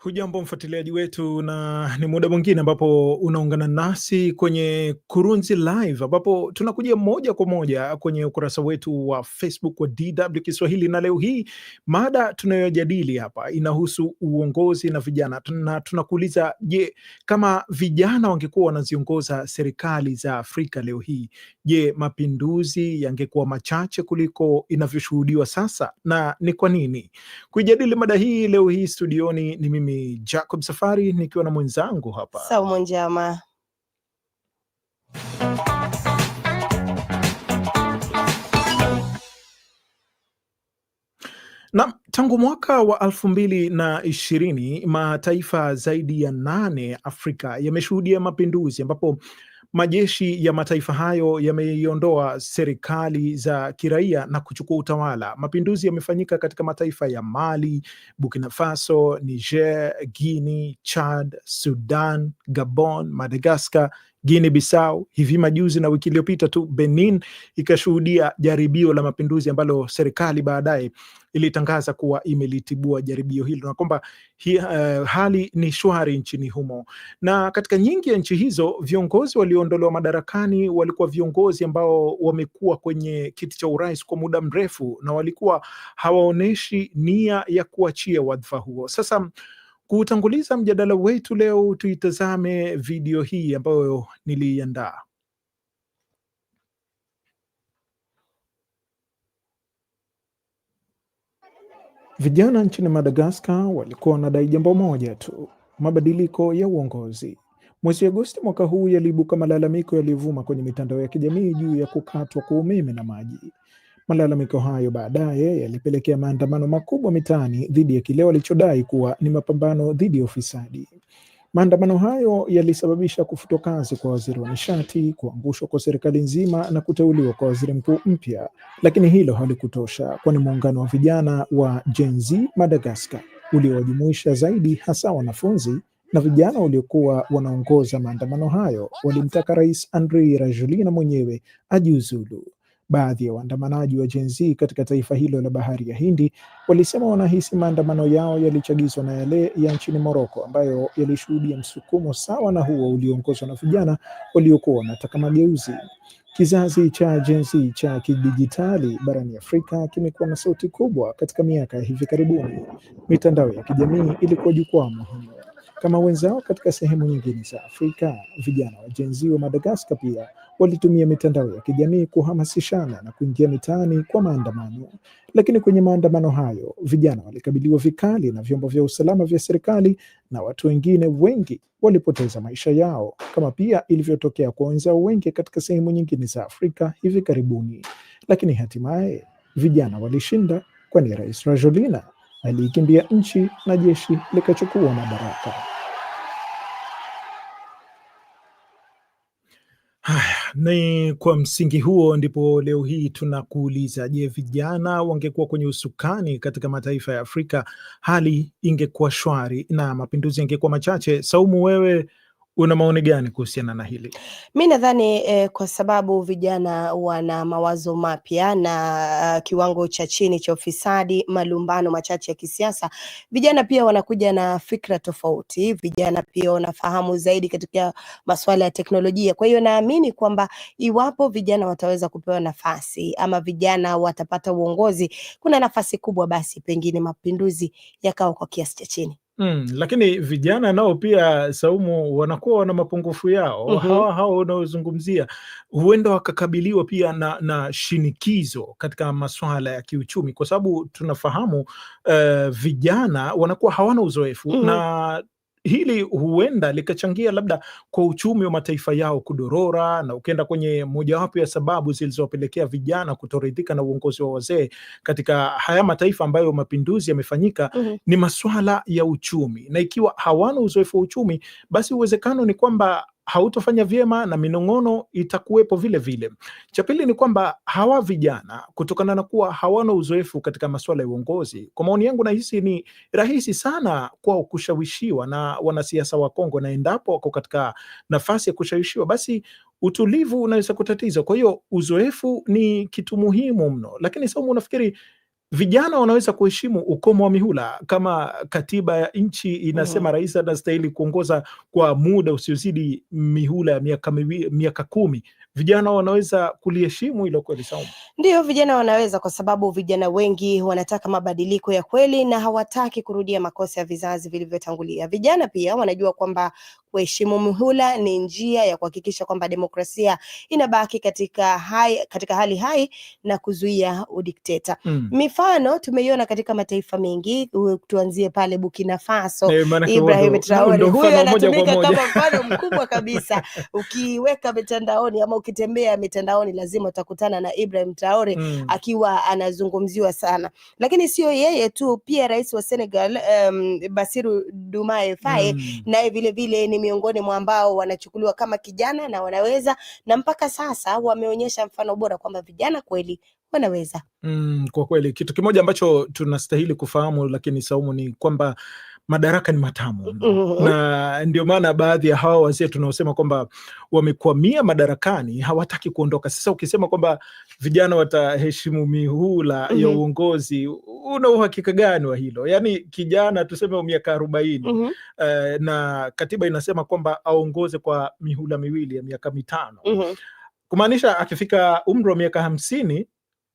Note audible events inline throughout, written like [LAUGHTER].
Hujambo mfuatiliaji wetu, na ni muda mwingine ambapo unaungana nasi kwenye Kurunzi Live, ambapo tunakujia moja kwa moja kwenye ukurasa wetu wa Facebook wa DW Kiswahili. Na leo hii mada tunayojadili hapa inahusu uongozi na vijana, na tunakuuliza je, kama vijana wangekuwa wanaziongoza serikali za Afrika leo hii, je, mapinduzi yangekuwa machache kuliko inavyoshuhudiwa sasa, na ni kwa nini? Kuijadili mada hii leo hii studioni ni mimi mimi Jacob Safari nikiwa na mwenzangu hapa Saumu Njama. Naam, tangu mwaka wa elfu mbili na ishirini mataifa zaidi ya nane Afrika yameshuhudia mapinduzi ambapo Majeshi ya mataifa hayo yameiondoa serikali za kiraia na kuchukua utawala. Mapinduzi yamefanyika katika mataifa ya Mali, Burkina Faso, Niger, Guinea, Chad, Sudan, Gabon, Madagascar, Guinea Bissau hivi majuzi na wiki iliyopita tu Benin ikashuhudia jaribio la mapinduzi ambalo serikali baadaye ilitangaza kuwa imelitibua jaribio hilo na kwamba uh, hali ni shwari nchini humo. Na katika nyingi ya nchi hizo viongozi walioondolewa madarakani walikuwa viongozi ambao wamekuwa kwenye kiti cha urais kwa muda mrefu na walikuwa hawaoneshi nia ya kuachia wadhifa huo. Sasa Kutanguliza mjadala wetu leo, tuitazame video hii ambayo niliiandaa. Vijana nchini Madagaskar walikuwa wanadai jambo moja tu, mabadiliko ya uongozi. Mwezi Agosti mwaka huu yaliibuka malalamiko yaliyovuma kwenye mitandao ya kijamii juu ya kukatwa kwa umeme na maji. Malalamiko hayo baadaye yalipelekea maandamano makubwa mitaani dhidi ya kile walichodai kuwa ni mapambano dhidi ya ufisadi. Maandamano hayo yalisababisha kufutwa kazi kwa waziri wa nishati, kuangushwa kwa serikali nzima na kuteuliwa kwa waziri mkuu mpya. Lakini hilo halikutosha, kwani muungano wa vijana wa Gen Z Madagascar uliowajumuisha zaidi hasa wanafunzi na vijana waliokuwa wanaongoza maandamano hayo walimtaka Rais Andry Rajoelina mwenyewe ajiuzulu. Baadhi ya waandamanaji wa Gen Z katika taifa hilo la bahari ya Hindi walisema wanahisi maandamano yao yalichagizwa na yale ya nchini Moroko ambayo yalishuhudia msukumo sawa na huo ulioongozwa na vijana waliokuwa wanataka mageuzi. Kizazi cha Gen Z cha kidijitali barani Afrika kimekuwa na sauti kubwa katika miaka ya hivi karibuni. Mitandao ya kijamii ilikuwa jukwaa muhimu. Kama wenzao katika sehemu nyingine za Afrika, vijana wa Gen Z wa madagascar pia walitumia mitandao ya kijamii kuhamasishana na kuingia mitaani kwa maandamano. Lakini kwenye maandamano hayo vijana walikabiliwa vikali na vyombo vya usalama vya serikali na watu wengine wengi walipoteza maisha yao, kama pia ilivyotokea kwa wenzao wengi katika sehemu nyingine za Afrika hivi karibuni. Lakini hatimaye vijana walishinda, kwani Rais Rajoelina aliikimbia nchi na jeshi likachukua madaraka. Ni kwa msingi huo ndipo leo hii tunakuuliza, je, vijana wangekuwa kwenye usukani katika mataifa ya Afrika hali ingekuwa shwari na mapinduzi yangekuwa machache? Saumu, wewe Una maoni gani kuhusiana na hili? Mi nadhani eh, kwa sababu vijana wana mawazo mapya na uh, kiwango cha chini cha ufisadi, malumbano machache ya kisiasa, vijana pia wanakuja na fikra tofauti, vijana pia wanafahamu zaidi katika masuala ya teknolojia. Kwa hiyo naamini kwamba iwapo vijana wataweza kupewa nafasi ama vijana watapata uongozi, kuna nafasi kubwa, basi pengine mapinduzi yakawa kwa kiasi cha chini. Mm, lakini vijana nao pia Saumu wanakuwa wana mapungufu yao. mm -hmm. Hawa hawa wanaozungumzia huenda wakakabiliwa pia na, na shinikizo katika masuala ya kiuchumi, kwa sababu tunafahamu uh, vijana wanakuwa hawana uzoefu mm -hmm. na hili huenda likachangia labda kwa uchumi wa mataifa yao kudorora, na ukienda kwenye mojawapo ya sababu zilizowapelekea vijana kutoridhika na uongozi wa wazee katika haya mataifa ambayo mapinduzi yamefanyika mm -hmm. ni maswala ya uchumi, na ikiwa hawana uzoefu wa uchumi, basi uwezekano ni kwamba hautofanya vyema na minong'ono itakuwepo vile vile. Cha pili ni kwamba hawa vijana kutokana na kuwa hawana uzoefu katika masuala ya uongozi, kwa maoni yangu nahisi ni rahisi sana kwao kushawishiwa na wanasiasa wa Kongo, na endapo wako katika nafasi ya kushawishiwa, basi utulivu unaweza kutatiza. Kwa hiyo uzoefu ni kitu muhimu mno, lakini Saumu, unafikiri vijana wanaweza kuheshimu ukomo wa mihula kama katiba ya nchi inasema, mhm. rais anastahili kuongoza kwa muda usiozidi mihula ya miaka miaka kumi. Vijana wanaweza kuliheshimu hilo kweli, Saumu? Ndiyo, vijana wanaweza, kwa sababu vijana wengi wanataka mabadiliko ya kweli na hawataki kurudia makosa ya vizazi vilivyotangulia. Vijana pia wanajua kwamba Kuheshimu muhula ni njia ya kuhakikisha kwamba demokrasia inabaki katika, hai, katika hali hai na kuzuia udikteta mm. Mifano tumeiona katika mataifa mengi, tuanzie pale Burkina Faso hey, eh, Ibrahim Traore huyo anatumika kama mfano mkubwa kabisa. [LAUGHS] Ukiweka mitandaoni ama ukitembea mitandaoni, lazima utakutana na Ibrahim Traore mm. akiwa anazungumziwa sana, lakini sio yeye tu, pia rais wa Senegal um, Basiru Dumae Faye mm. naye vilevile ni ni miongoni mwa ambao wanachukuliwa kama kijana na wanaweza, na mpaka sasa wameonyesha mfano bora kwamba vijana kweli wanaweza. Mm, kwa kweli kitu kimoja ambacho tunastahili kufahamu, lakini Saumu, ni kwamba madaraka ni matamu -hmm. na ndio maana baadhi ya hawa wazee tunaosema kwamba wamekwamia madarakani hawataki kuondoka. Sasa ukisema kwamba vijana wataheshimu mihula ya mhm. uongozi, una uhakika gani wa hilo? Yaani kijana tuseme miaka arobaini mhm. eh, na katiba inasema kwamba aongoze kwa mihula miwili ya miaka mitano, mhm. kumaanisha akifika umri wa miaka hamsini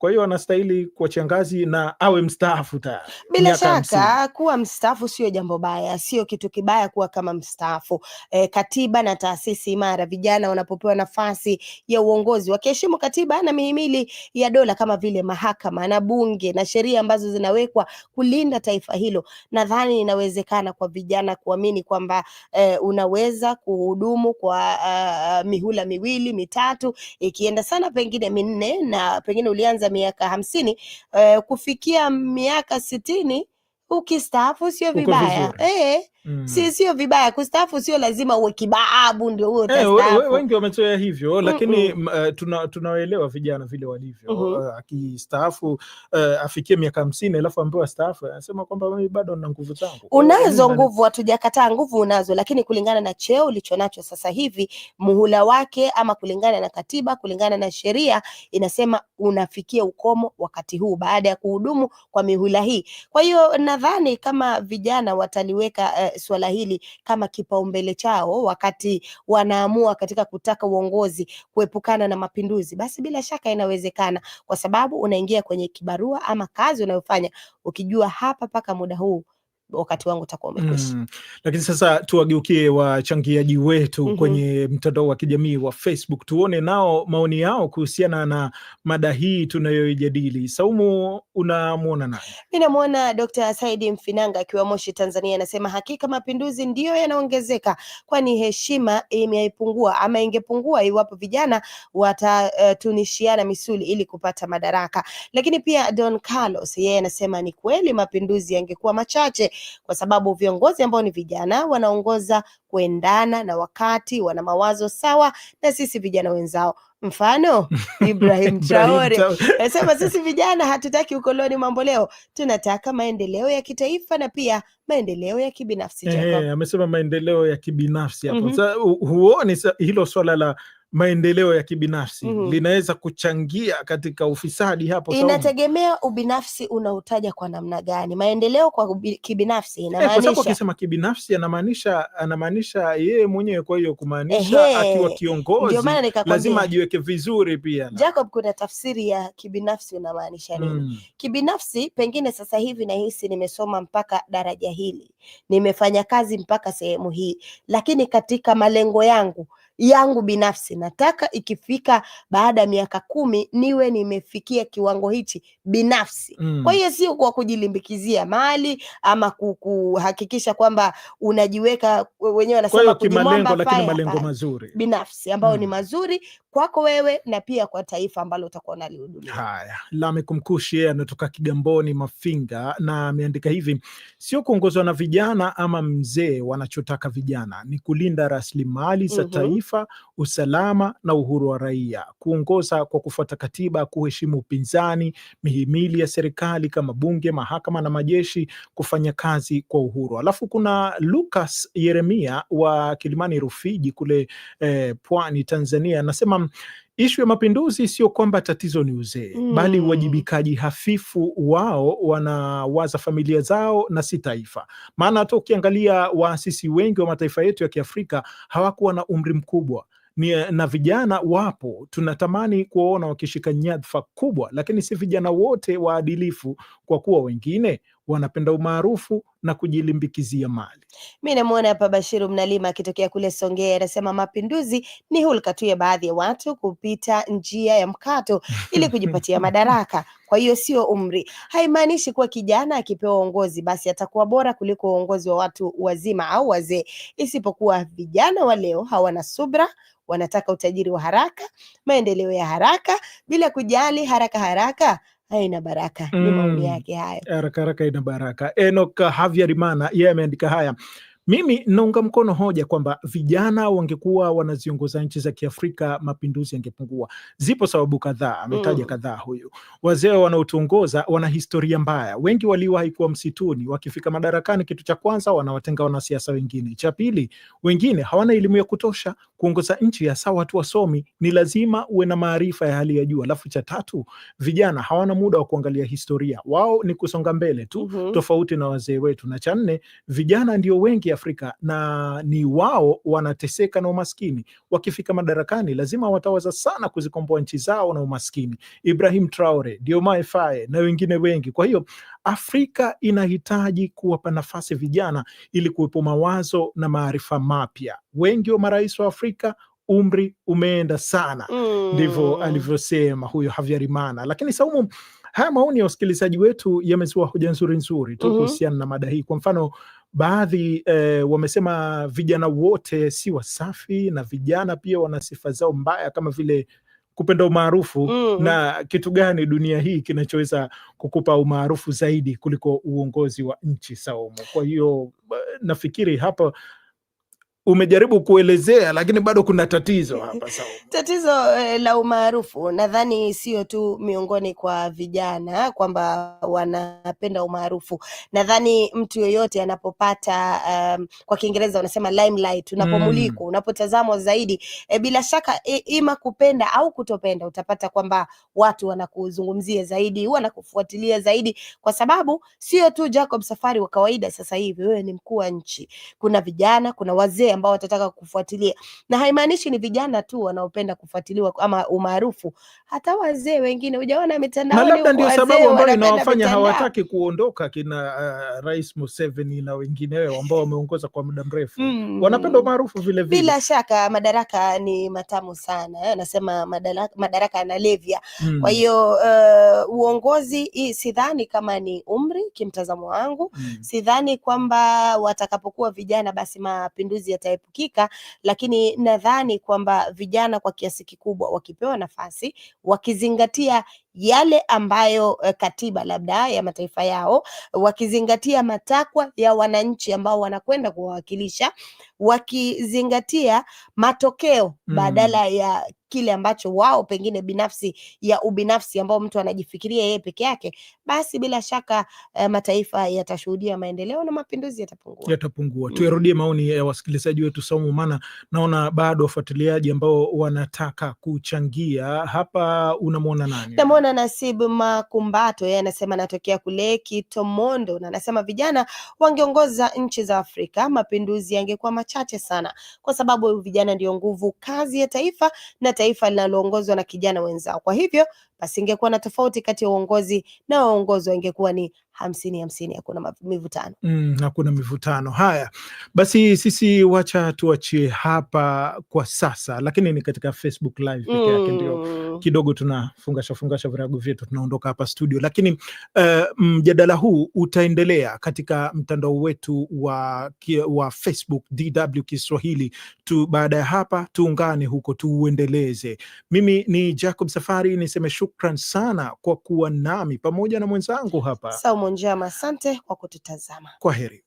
kwa hiyo anastahili kuwa ngazi na awe mstaafu tayari. Bila shaka kuwa mstaafu sio jambo baya, sio kitu kibaya kuwa kama mstaafu. E, katiba na taasisi imara, vijana wanapopewa nafasi ya uongozi wakiheshimu katiba na mihimili ya dola kama vile mahakama na bunge na sheria ambazo zinawekwa kulinda taifa hilo, nadhani inawezekana kwa vijana kuamini kwamba e, unaweza kuhudumu kwa a, mihula miwili mitatu, ikienda sana pengine minne, na pengine ulianza miaka hamsini eh, kufikia miaka sitini ukistaafu sio vibaya eh, Mm. Si sio vibaya kustaafu, sio lazima uwe kibaabu ndio uwe eh, utastaafu. Hey, wengi wamezoea hivyo lakini mm -mm. Uh, tuna vijana vile walivyo mm -hmm. Uh, akistaafu uh, afikie miaka hamsini alafu ambiwa staafu anasema kwamba mimi bado nina nguvu zangu. Unazo nguvu, hatujakataa nguvu unazo, lakini kulingana na cheo ulichonacho sasa hivi muhula wake, ama kulingana na katiba, kulingana na sheria inasema unafikia ukomo wakati huu baada ya kuhudumu kwa mihula hii. Kwa hiyo nadhani kama vijana wataliweka uh, swala hili kama kipaumbele chao wakati wanaamua katika kutaka uongozi kuepukana na mapinduzi, basi bila shaka inawezekana, kwa sababu unaingia kwenye kibarua ama kazi unayofanya ukijua hapa mpaka muda huu wakati wangu utakuwa umekwisha. Mm. Lakini sasa tuwageukie wachangiaji wetu mm -hmm. kwenye mtandao wa kijamii wa Facebook, tuone nao maoni yao kuhusiana na mada hii tunayoijadili. Saumu, unamwona nani? Mi namwona Dr. Saidi Mfinanga akiwa Moshi, Tanzania, anasema hakika mapinduzi ndiyo yanaongezeka, kwani heshima imepungua ama ingepungua iwapo vijana watatunishiana uh, misuli ili kupata madaraka. Lakini pia Don Carlos yeye anasema ni kweli mapinduzi yangekuwa machache kwa sababu viongozi ambao ni vijana wanaongoza kuendana na wakati, wana mawazo sawa na sisi vijana wenzao. Mfano [LAUGHS] Ibrahim Traore anasema sisi [LAUGHS] vijana hatutaki ukoloni mamboleo, tunataka maendeleo ya kitaifa na pia maendeleo ya kibinafsi. Eh, amesema hey, maendeleo ya kibinafsi hapo. mm -hmm. Huoni hilo swala la maendeleo ya kibinafsi mm -hmm. linaweza kuchangia katika ufisadi hapo. Inategemea ubinafsi unautaja kwa namna gani. Maendeleo kwa kibinafsi eh, inamaanisha eh, akisema kibinafsi anamaanisha anamaanisha yeye mwenyewe, kwa hiyo kumaanisha eh, akiwa kiongozi lazima ajiweke vizuri pia. Jacob, kuna tafsiri ya kibinafsi unamaanisha nini? mm. Kibinafsi pengine sasa hivi nahisi nimesoma mpaka daraja hili, nimefanya kazi mpaka sehemu hii, lakini katika malengo yangu yangu binafsi nataka ikifika baada ya miaka kumi niwe nimefikia kiwango hichi binafsi mm. Kwa hiyo sio kwa kujilimbikizia mali ama kuhakikisha kwamba unajiweka wenyewe, wanasema kujimwamba, lakini malengo mazuri binafsi ambayo mm. ni mazuri kwako wewe na pia kwa taifa ambalo utakuwa unalihudumia. Haya, lame kumkushi yeye anatoka Kigamboni Mafinga, na ameandika hivi: sio kuongozwa na vijana ama mzee, wanachotaka vijana ni kulinda rasilimali za mm -hmm. taifa taifa, usalama na uhuru wa raia, kuongoza kwa kufuata katiba, kuheshimu upinzani, mihimili ya serikali kama bunge, mahakama na majeshi, kufanya kazi kwa uhuru. Alafu kuna Lucas Yeremia wa Kilimani Rufiji kule eh, Pwani, Tanzania, anasema Ishu ya mapinduzi sio kwamba tatizo ni uzee mm, bali uwajibikaji hafifu wao, wanawaza familia zao na si taifa. Maana hata ukiangalia waasisi wengi wa mataifa yetu ya Kiafrika hawakuwa na umri mkubwa ni, na vijana wapo, tunatamani kuwaona wakishika nyadhfa kubwa, lakini si vijana wote waadilifu, kwa kuwa wengine wanapenda umaarufu na kujilimbikizia mali. Mi namwona hapa Bashiru Mnalima akitokea kule Songea, anasema mapinduzi ni hulka tu ya baadhi ya watu kupita njia ya mkato ili kujipatia [LAUGHS] madaraka. Kwa hiyo sio umri, haimaanishi kuwa kijana akipewa uongozi basi atakuwa bora kuliko uongozi wa watu wazima au wazee, isipokuwa vijana wa leo hawana subra wanataka utajiri wa haraka, maendeleo ya haraka, bila kujali haraka haraka haina baraka. Ni maoni mm. yake hayo, haraka haraka ina baraka. Enoch Havyarimana yeye ameandika haya, mimi naunga mkono hoja kwamba vijana wangekuwa wanaziongoza nchi za Kiafrika, mapinduzi yangepungua. Zipo sababu kadhaa, ametaja mm. kadhaa huyu. Wazee wanaotuongoza wana historia mbaya, wengi waliwahi kuwa msituni. Wakifika madarakani, kitu cha kwanza wanawatenga wanasiasa wengine. Cha pili, wengine hawana elimu ya kutosha kuongoza nchi, hasa watu wasomi. Ni lazima uwe na maarifa ya hali ya juu. Alafu cha tatu, vijana hawana muda wa kuangalia historia, wao ni kusonga mbele tu, mm-hmm. tofauti na wazee wetu. Na cha nne, vijana ndio wengi Afrika na ni wao wanateseka na umaskini. Wakifika madarakani, lazima watawaza sana kuzikomboa nchi zao na umaskini. Ibrahim Traore, Diomaye Faye na wengine wengi. Kwa hiyo Afrika inahitaji kuwapa nafasi vijana ili kuwepo mawazo na maarifa mapya. Wengi wa marais wa Afrika umri umeenda sana, mm. ndivyo mm, alivyosema huyo Havyarimana. Lakini Saumu, haya maoni ya wasikilizaji wetu yamezua hoja nzuri nzuri tu mm-hmm. kuhusiana mm -hmm. na mada hii. Kwa mfano baadhi e, wamesema vijana wote si wasafi na vijana pia wana sifa zao mbaya kama vile kupenda umaarufu mm Na kitu gani dunia hii kinachoweza kukupa umaarufu zaidi kuliko uongozi wa nchi saumu? Kwa hiyo eh, nafikiri hapa umejaribu kuelezea, lakini bado kuna tatizo hapa [LAUGHS] tatizo eh, la umaarufu nadhani sio tu miongoni kwa vijana kwamba wanapenda umaarufu. Nadhani mtu yoyote anapopata um, kwa Kiingereza unasema limelight, unapomulikwa, mm. unapotazamwa zaidi eh, bila shaka eh, ima kupenda au kutopenda, utapata kwamba watu wanakuzungumzia zaidi, wanakufuatilia zaidi, kwa sababu sio tu Jacob Safari wa kawaida. Sasa hivi wewe ni mkuu wa nchi, kuna vijana, kuna wazee ambao watataka kufuatilia, na haimaanishi ni vijana tu wanaopenda kufuatiliwa ama umaarufu, hata wazee wengine. Hujaona mitandao. na labda ndio sababu ambayo inawafanya hawataki kuondoka kina uh, Rais Museveni na wengineo ambao wameongoza kwa muda mrefu mm, wanapenda umaarufu vile vile. Bila shaka madaraka ni matamu sana, anasema eh, madaraka, madaraka yanalevya mm. Kwa hiyo uh, uongozi sidhani kama ni umri, kimtazamo wangu mm. Sidhani kwamba watakapokuwa vijana basi mapinduzi yataepukika, lakini nadhani kwamba vijana kwa kiasi kikubwa wakipewa nafasi, wakizingatia yale ambayo eh, katiba labda ya mataifa yao, wakizingatia matakwa ya wananchi ambao wanakwenda kuwawakilisha, wakizingatia matokeo mm. badala ya kile ambacho wao pengine binafsi ya ubinafsi ambao mtu anajifikiria yeye peke yake, basi bila shaka eh, mataifa yatashuhudia maendeleo na mapinduzi yatapungua, yatapungua. Mm. Tuyarudie maoni ya wasikilizaji wetu Saumu, maana naona bado wafuatiliaji ambao wanataka kuchangia hapa. Unamwona nani? Namwona Bwana Nasib Makumbato yeye anasema anatokea kule Kitomondo na anasema vijana wangeongoza nchi za Afrika, mapinduzi yangekuwa machache sana, kwa sababu vijana ndio nguvu kazi ya taifa na taifa linaloongozwa na kijana wenzao. Kwa hivyo basi ingekuwa na tofauti kati ya uongozi na waongozwa, ingekuwa ni hamsini hamsini, hakuna mivutano mm, hakuna mivutano. Haya basi, sisi wacha tuachie hapa kwa sasa, lakini ni katika Facebook live peke yake mm. Ndio kidogo tunafungasha fungasha virago vyetu, tunaondoka hapa studio, lakini uh, mjadala huu utaendelea katika mtandao wetu wa, wa Facebook DW Kiswahili tu. Baada ya hapa tuungane huko tuuendeleze. Mimi ni Jacob Safari niseme shukran sana kwa kuwa nami pamoja na mwenzangu hapa Saum Monjama, asante kwa kututazama. Kwa heri.